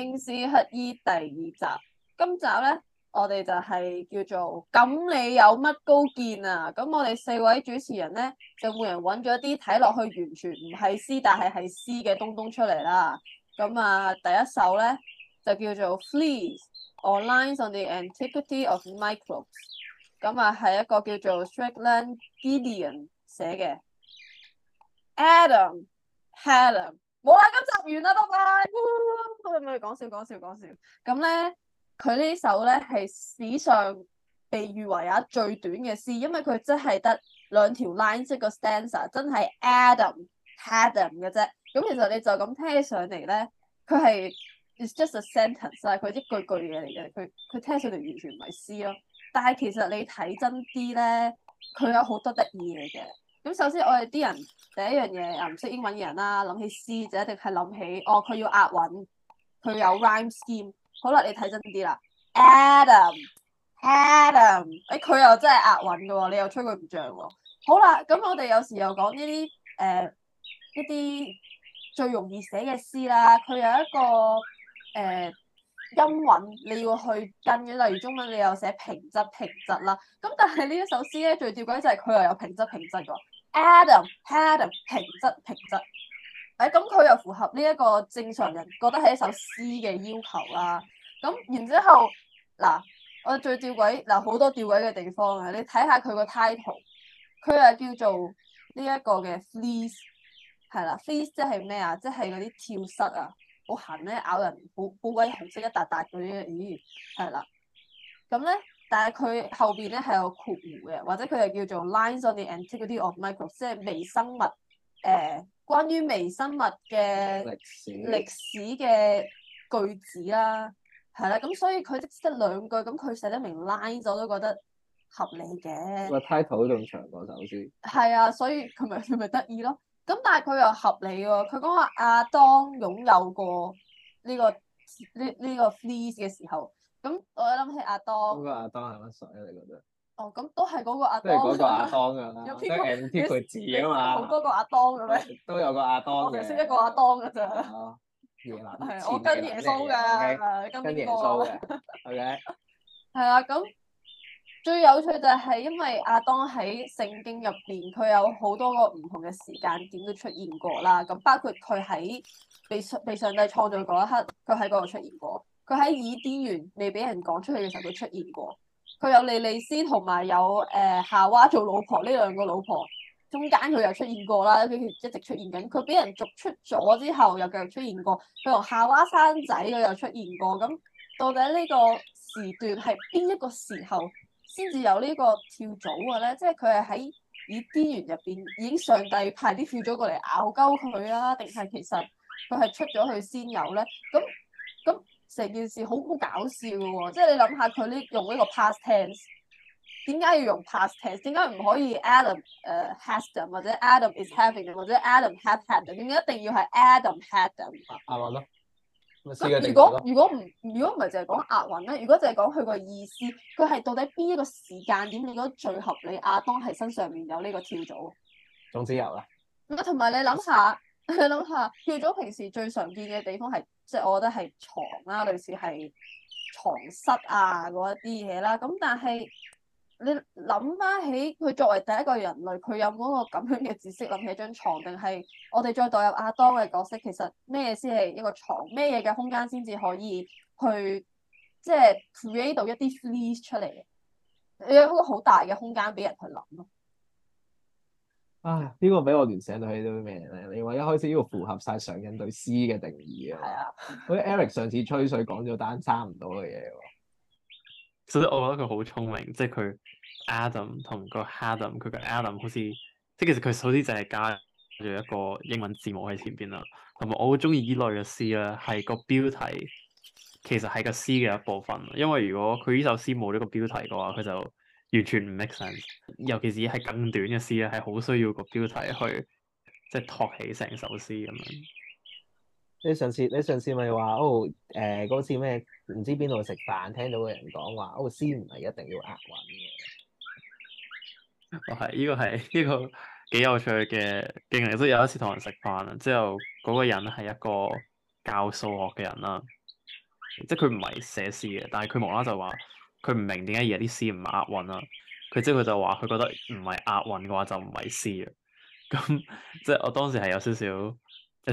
《英詩乞衣》第二集，今集咧，我哋就係叫做咁，你有乜高見啊？咁我哋四位主持人咧，就每人揾咗一啲睇落去完全唔係詩，但係係詩嘅東東出嚟啦。咁啊，第一首咧就叫做《Fleas, or Lines on the Antiquity of Microbes》，咁啊係一個叫做 Strickland Gillilan 寫嘅。Adam，Adam Adam,。冇啦，今集完啦，拜拜。可唔可以講笑講笑講笑？咁咧，佢呢首咧係史上被譽為啊最短嘅詩，因為佢真係得兩條 line 即個 stanza，真係 Adam Adam 嘅啫。咁其實你就咁聽上嚟咧，佢係 it's just a sentence，但係佢一句句嘢嚟嘅，佢佢聽上嚟完全唔係詩咯。但係其實你睇真啲咧，佢有好多得意嚟嘅。咁首先我哋啲人第一樣嘢又唔識英文嘅人啦，諗起詩就一定係諗起，哦佢要押韻，佢有 rhyme scheme 好 Adam, Adam，欸哦。好啦，你睇真啲啦，Adam，Adam，誒佢又真係押韻嘅喎，你又吹佢唔漲喎。好啦，咁我哋有時又講呢啲誒一啲最容易寫嘅詩啦，佢有一個誒、呃、音韻你要去跟嘅，例如中文你又寫平仄平仄啦。咁但係呢一首詩咧最吊詭就係佢又有平仄平仄嘅喎 Adam，Adam，Adam，平質平質，誒咁佢又符合呢一個正常人覺得係一首詩嘅要求啦、啊。咁然之後嗱，我最吊詭嗱好多吊詭嘅地方啊。你睇下佢個 title，佢係叫做呢一個嘅 Fleas，係啦 Fleas 即係咩啊？即係嗰啲跳虱啊，好痕咧咬人，好好鬼紅色一笪笪嗰啲，咦係啦，咁咧？但係佢後邊咧係有括弧嘅，或者佢係叫做 lines on the antiquity of microbes 即係微生物誒、呃，關於微生物嘅歷史嘅句子啦，係啦，咁所以佢即得兩句，咁佢寫得明 lines 我都覺得合理嘅。個 title 仲長過首詩，係啊，所以佢咪佢咪得意咯。咁但係佢又合理喎，佢講話阿當擁有過呢、這個呢呢、這個、這個、fleece 嘅時候。咁我一諗起亞當，嗰個亞當係乜水啊？你覺得？哦，咁都係嗰個阿當，即係嗰個亞當噶啦，即係 MT 佢字啊嘛，嗰個亞當噶咩？都有個亞當嘅，就識一個亞當噶咋？耶拿、哦，我跟耶穌噶，okay? 跟耶穌嘅，係、okay? 咪？係、okay? 啦、 啊，咁最有趣就係因為亞當喺聖經入邊，佢有好多個唔同嘅時間點都出現過啦。咁包括佢喺被被上帝創造嗰一刻，佢喺嗰度出現過。佢喺伊甸園未俾人講出去嘅時候都出現過，佢有莉莉斯同埋有誒夏娃做老婆呢兩個老婆，中間佢又出現過啦，佢一直出現緊。佢俾人逐出咗之後又繼續出現過，佢同夏娃生仔佢又出現過。咁到底呢個時段係邊一個時候先至有呢個跳蚤嘅咧？即係佢係喺伊甸園入邊已經上帝派啲跳蚤過嚟咬鳩佢啊？定係其實佢係出咗去先有咧？咁咁。成件事好好搞笑嘅喎、哦，即係你諗下佢，呢用呢個 past tense，點解要用 past tense？點解唔可以 Adam 誒、uh, has them 或者 Adam is having them, 或者 Adam have had？點解一定要係 Adam had them？押韻咯。如果如果唔如果唔係淨係講押韻咧，如果淨係講佢個意思，佢係到底邊一個時間點你覺得最合理？亞當係身上面有呢個跳蚤。總之有啦。我同埋你諗下。你諗下，叫咗平時最常見嘅地方係，即係我覺得係床啦，類似係床室啊嗰一啲嘢啦。咁但係你諗翻起佢作為第一個人類，佢有冇個咁樣嘅知識諗起張床定係我哋再代入亞當嘅角色，其實咩先係一個床，咩嘢嘅空間先至可以去即係 create 到一啲 fleas 出嚟嘅？有一個好大嘅空間俾人去諗咯。啊！唉呢個俾我聯想到起啲咩咧？你話一開始呢個符合晒上印對詩嘅定義啊。係啊，好似 Eric 上次吹水講咗單差唔多嘅嘢喎。所以我覺得佢好聰明，即係佢 Adam 同個 Adam，佢個 Adam 好似即係其實佢首詩淨係就係加咗一個英文字母喺前邊啦。同埋我好中意呢類嘅詩咧，係個標題其實係個詩嘅一部分。因為如果佢呢首詩冇呢個標題嘅話，佢就。完全唔 make sense，尤其自係更短嘅詩咧，係好需要個標題去即係托起成首詩咁樣你。你上次你上次咪話，哦誒嗰、呃、次咩唔知邊度食飯，聽到個人講話，哦詩唔係一定要押韻嘅。哦係，依、這個係呢、這個幾有趣嘅，勁嚟都有一次同人食飯啦，之後嗰個人係一個教數學嘅人啦，即係佢唔係寫詩嘅，但係佢無啦就話。佢唔明點解而家啲詩唔押韻啦，佢即係佢就話佢覺得唔係押韻嘅話就唔係詩啊。咁即係我當時係有少少有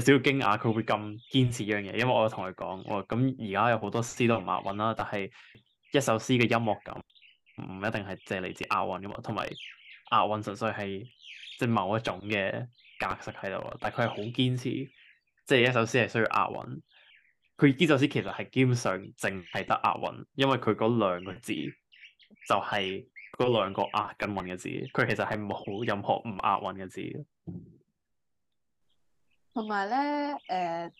少少驚訝佢會咁堅持呢樣嘢，因為我同佢講，我咁而家有好多詩都唔押韻啦，但係一首詩嘅音樂感唔一定係借嚟自押韻嘅嘛，同埋押韻純粹係即係某一種嘅格式喺度啊。但係佢係好堅持，即係一首詩係需要押韻。佢呢首詩其實係基本上淨係得押韻，因為佢嗰兩個字就係嗰兩個押緊韻嘅字，佢其實係冇任何唔押韻嘅字。同埋咧，誒、呃，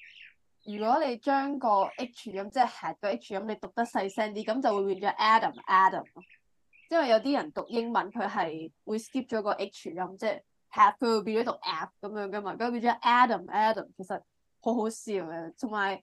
如果你將個 H 音即係 had 個 H 音，你讀得細聲啲，咁就會變咗 Adam Adam 咯。因為有啲人讀英文佢係會 skip 咗個 H 音，即係 had 佢會變咗讀 app 咁樣噶嘛，佢變咗 Adam Adam，其實好好笑嘅，同埋。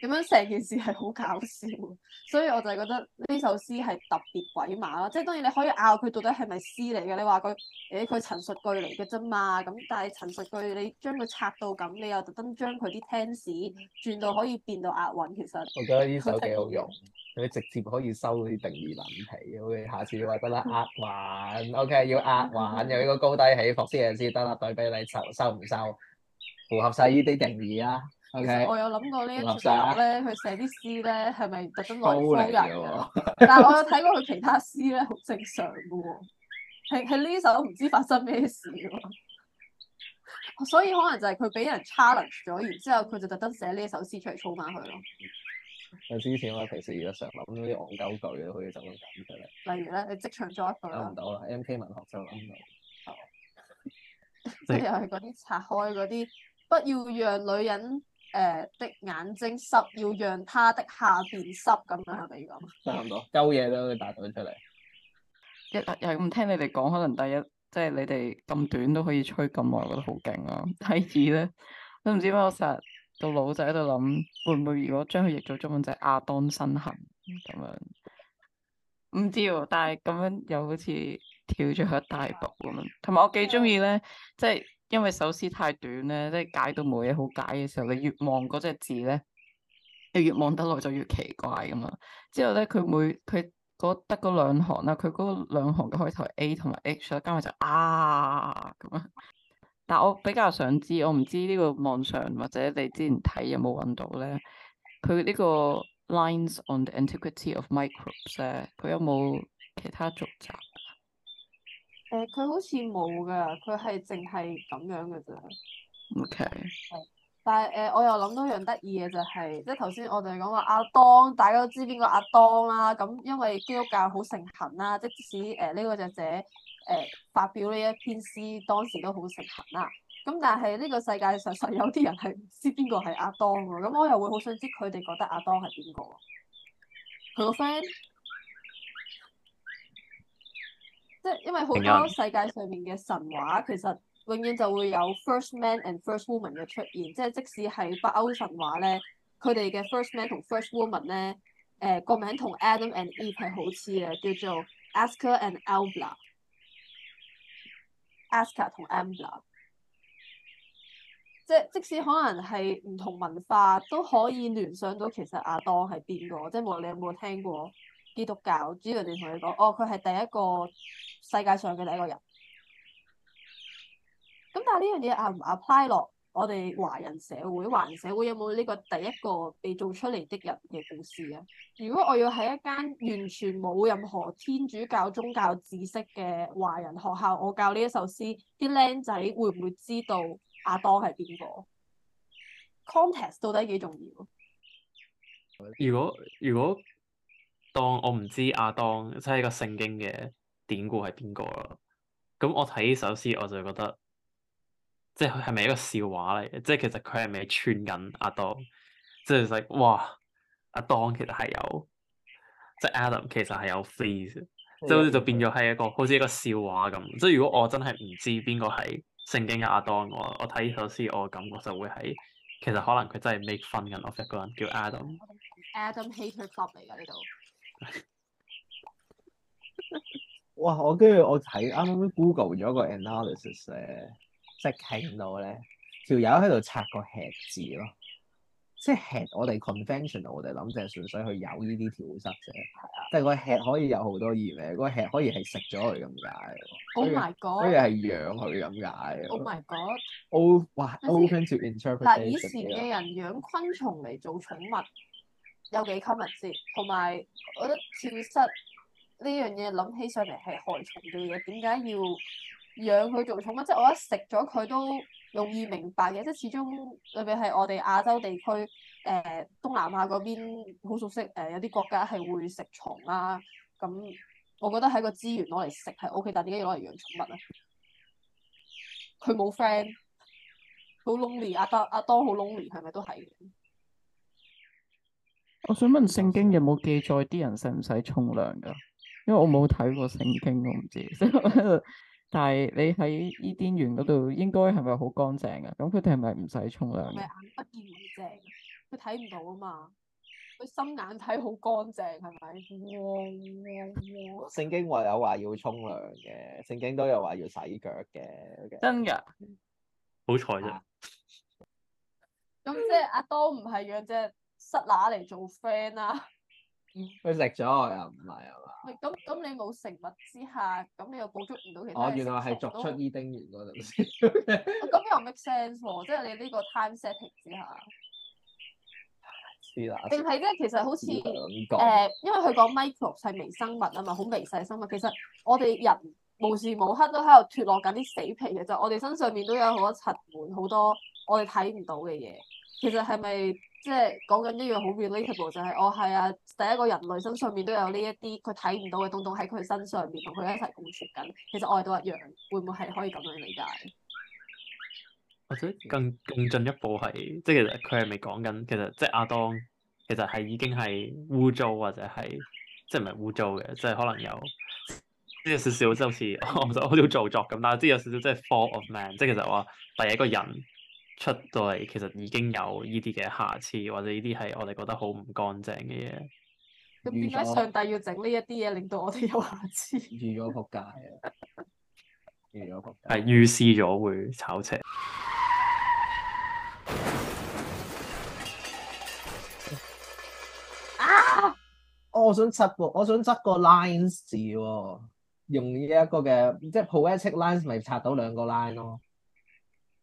咁樣成件事係好搞笑，所以我就覺得呢首詩係特別鬼馬啦。即係當然你可以拗佢到底係咪詩嚟嘅，你話佢誒佢陳述句嚟嘅啫嘛。咁但係陳述句你將佢拆到咁，你又特登將佢啲 tense 轉到可以變到押韻。其實我覺得呢首幾好用，佢直接可以收啲定義問題。我下次你話得啦，押韻，OK 要押韻，有呢個高低起伏先至得啦。對比你收收唔收，符合晒呢啲定義啊！Okay, 其實我有諗過呢一首咧，佢、嗯、寫啲詩咧，係咪特登內修人？ 但係我有睇過佢其他詩咧，好正常噶喎。係係呢首唔知發生咩事， 所以可能就係佢俾人 challenge 咗，然之後佢就特登寫呢一首詩出嚟，操翻佢咯。我之前我平時而家常諗啲戇鳩句，佢就會諗出嚟。例如咧，你即場再一句。諗唔到啦，M K 文學就諗到。即 係 又係嗰啲拆開嗰啲，不要讓女人。誒、呃，的眼睛濕，要讓他的下邊濕，咁樣係咪咁差唔多，鳩嘢都答到出嚟。一又係咁，聽你哋講，可能第一，即係你哋咁短都可以吹咁耐，覺得好勁啊。第二咧，都唔知咩，我成日到老就喺度諗，會唔會如果將佢譯做中文就係亞當身痕咁樣？唔知喎，但係咁樣又好似跳咗佢一大步咁樣。同埋我幾中意咧，即係。因為首詩太短咧，即係解到冇嘢好解嘅時候，你越望嗰隻字咧，你越望得耐就越奇怪咁嘛。之後咧，佢每佢覺得嗰兩行啦，佢嗰兩行嘅開頭 A 同埋 H 啦，加埋就啊咁樣。但我比較想知，我唔知呢個網上或者你之前睇有冇揾到咧？佢呢個 Lines on the Antiquity of Microbes 咧，佢有冇其他續集？誒，佢、呃、好似冇噶，佢係淨係咁樣噶咋。OK。係，但係誒，我又諗到一樣得意嘅就係、是，即係頭先我哋講話阿當，大家都知邊個阿當啦、啊。咁因為基督教好盛行啦、啊，即使誒呢、呃這個作者誒發表呢一篇詩，當時都好盛行啦、啊。咁但係呢個世界上實有啲人係唔知邊個係阿當噶、啊，咁我又會好想知佢哋覺得阿當係邊個。佢個 friend 即係因為好多世界上面嘅神話，其實永遠就會有 first man and first woman 嘅出現。即係即使係北歐神話咧，佢哋嘅 first man 同 first woman 咧，誒、呃、個名同 Adam and Eve 係好似嘅，叫做 Aska and Albla As。Aska 同 Albla，即係即使可能係唔同文化都可以聯想到其實阿當係邊個。即係無論你有冇聽過基督教，知人哋同你講，哦佢係第一個。世界上嘅第一個人，咁但係呢樣嘢啊，唔 apply 落我哋華人社會，華人社會有冇呢個第一個被做出嚟的人嘅故事啊？如果我要喺一間完全冇任何天主教宗教知識嘅華人學校，我教呢一首詩，啲僆仔會唔會知道阿當係邊個？Context 到底幾重要？如果如果，當我唔知阿當真係、即係、一個聖經嘅。典故係邊個咯？咁我睇呢首詩，我就覺得即係係咪一個笑話嚟嘅？即係其實佢係咪串緊阿當？即係 like 哇，阿當其實係有即係 Adam 其實係有 fleas 即係好似就變咗係一個的好似一個笑話咁。的即係如果我真係唔知邊個係聖經嘅阿當嘅話，我睇呢首詩，我,我感覺就會係其實可能佢真係 make fun 緊我一個人叫 Adam。Adam hate 嚟㗎呢度。哇！我跟住我睇啱啱 Google 咗個 analysis 咧，這個，即係睇到咧條友喺度拆個 had」字咯，即係 had」我哋 conventional 我哋諗就係純粹去有呢啲跳蝨，係啊，但係個、那個、had、oh my 可」可以有好多意思，個 had」可以係食咗佢咁解。Oh my god！可以係養佢咁解。Oh my god！O 哇，open to interpretation，以前嘅人養昆蟲嚟做寵物，有幾 common？同埋我覺得跳蝨。呢樣嘢諗起上嚟係害蟲嘅嘢，點解要養佢做寵物？即係我一食咗佢都容易明白嘅，即係始終，特別係我哋亞洲地區，誒東南亞嗰邊好熟悉，誒有啲國家係會食蟲啦。咁我覺得喺個資源攞嚟食係 OK，但點解要攞嚟養寵物咧？佢冇 friend，好 lonely，阿德阿當好 lonely，係咪都係？是是是，我想問聖經有冇記載啲人使唔使沖涼㗎？因為我冇睇過聖經，我唔知。但係你喺伊甸園嗰度，應該係咪好乾淨啊？咁佢哋係咪唔使沖涼？眼不見好正。佢睇唔到啊嘛。佢心眼睇好乾淨係咪？黃黃黃。聖經話有話要沖涼嘅，聖經都有話要洗腳嘅。腳 OK? 真嘅的。好彩啫。咁即係阿多唔係養隻蝨乸嚟做 friend 啦、啊。佢食咗我又唔係啊。咁咁你冇食物之下，咁你又捕捉唔到其他嘢、哦。原來係作出伊甸園嗰陣時，咁又 make sense 即係你呢個 time setting 之下。知啦。定係咧，其實好似誒、呃，因為佢講 micro 係微生物啊嘛，好微細生物。其實我哋人無時無刻都喺度脱落緊啲死皮嘅，就、我哋身上面都有好多塵蟎，好多我哋睇唔到嘅嘢。其實係咪即係講緊一樣好 relatable 就係、是、我係啊第一個人類身上面都有呢一啲佢睇唔到嘅東東喺佢身上面同佢一齊共存緊。其實我哋都一樣，會唔會係可以咁樣理解？或者更更進一步係即係其實佢係咪講緊其實即係阿當其實係已經係污糟或者係即係唔係污糟嘅，即係、就是、可能有即係少少即係好似我我都要做作咁，但係即係有少少即係、就是 少少就是、fall of man，即係其實話第一個人。出到嚟其實已經有呢啲嘅瑕疵，或者呢啲係我哋覺得好唔乾淨嘅嘢。咁點解上帝要整呢一啲嘢，令到我哋有瑕疵？預咗仆街啊！預咗仆街係預示咗會炒車。啊！我想測噃，我想執個 line 字喎、喔，用呢一個嘅，即係 poetic lines 咪拆到兩個 line 咯、喔。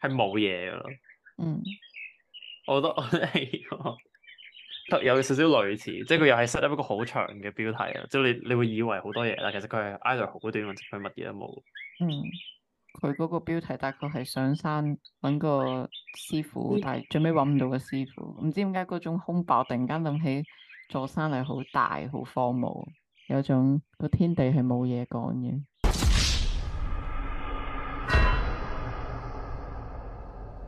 係冇嘢嘅咯，嗯，我覺得我得， 有少少類似，即係佢又係寫一個好長嘅標題，即係你你會以為好多嘢，但其實佢係挨到好短，佢乜嘢都冇。嗯，佢嗰個標題大概係上山搵個師傅，但係最尾搵唔到個師傅，唔知點解嗰種空爆，突然間諗起座山係好大，好荒蕪，有種個天地係冇嘢講嘅。